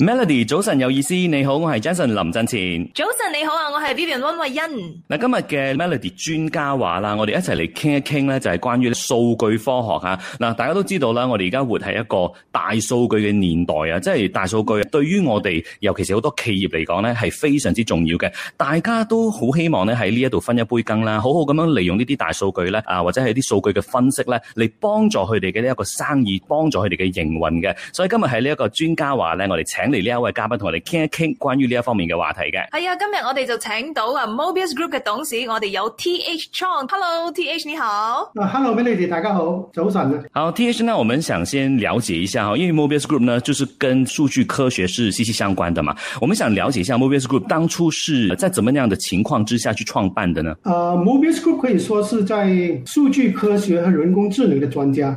Melody，早晨有意思，你好，我係 Jason 林振前。早晨你好啊，我係 Vivian 溫慧欣。嗱，今日嘅 Melody 專家話啦，我哋一齊嚟傾一傾咧，就係關於數據科學吓。嗱，大家都知道啦，我哋而家活喺一個大數據嘅年代啊，即係大數據對於我哋尤其是好多企業嚟講咧，係非常之重要嘅。大家都好希望咧喺呢一度分一杯羹啦，好好咁樣利用呢啲大數據咧啊，或者係啲數據嘅分析咧，嚟幫助佢哋嘅呢一個生意，幫助佢哋嘅營運嘅。所以今日喺呢一個專家話咧，我哋請。整理呢一位嘉賓同我哋傾一傾關於呢一方面嘅話題嘅。係啊，今日我哋就請到啊 Mobius Group 嘅董事，我哋有 T H Chong，Hello，T H 你好。Hello Melody，大家好，早晨。好，T H，那我們想先了解一下，因為 Mobius Group 呢，就是跟數據科學是息息相關的嘛。我們想了解一下 Mobius Group 當初是在怎麼樣的情況之下去創辦的呢？Mobius、uh, Group 可以說是在數據科學和人工智能的專家。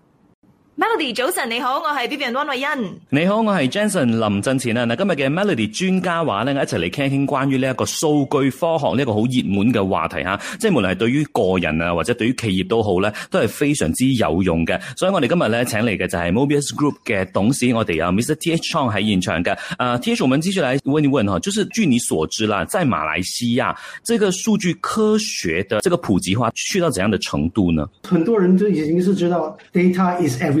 Melody 早晨你好，我係 B B N 王慧恩。你好，我係 Jenson 林振前啊！嗱，今日嘅 Melody 專家話咧，一齊嚟傾一傾關於呢一個數據科學呢、這個好熱門嘅話題吓，即係無論係對於個人啊或者對於企業都好咧，都係非常之有用嘅。所以我哋今日咧請嚟嘅就係 Mobius Group 嘅董事我哋啊，Mr T H Chong 喺現場嘅。誒、呃、T H，我們接續嚟問一問吓，就是據你所知啦，在馬來西亞，這個數據科學的這個普及化去到怎樣的程度呢？很多人都已經是知道，Data is everything。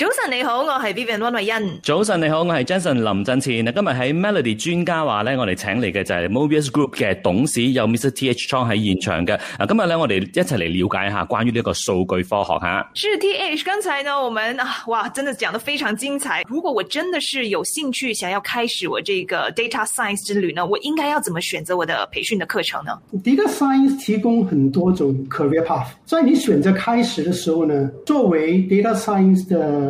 早晨你好，我係 Vivian 溫慧欣。早晨你好，我係 Jason 林振前。今日喺 Melody 專家話咧，我哋請嚟嘅就係 Mobius Group 嘅董事有 Mr. T H 倉喺現場嘅。啊，今日咧我哋一齊嚟了解下關於呢個數據科學吓。是 T H，剛才呢，我們啊，哇，真的講得非常精彩。如果我真的是有興趣想要開始我這個 data science 之旅呢，我應該要怎麼選擇我的培訓的課程呢？Data science 提供很多種 career path，在你選擇開始的時候呢，作為 data science 的。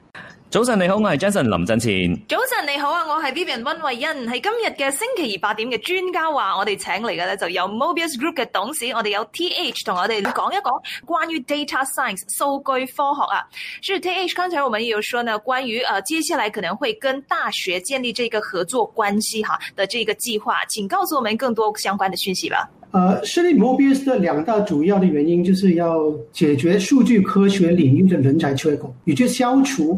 早晨你好，我係 Jason 林振前。早晨你好啊，我係 Vivian 溫慧欣。喺今日嘅星期二八點嘅專家話，我哋請嚟嘅咧就有 Mobius Group 嘅董事，我哋有 TH 同我哋講一講關於 data science 數據科學啊。所以 TH 剛才我們有說呢，關於誒、呃，接下來可能會跟大學建立這個合作關係哈，的這個計劃，請告訴我們更多相關的訊息吧。誒、呃，設立 Mobius 嘅兩大主要嘅原因，就是要解決數據科學領域嘅人才缺口，以及消除，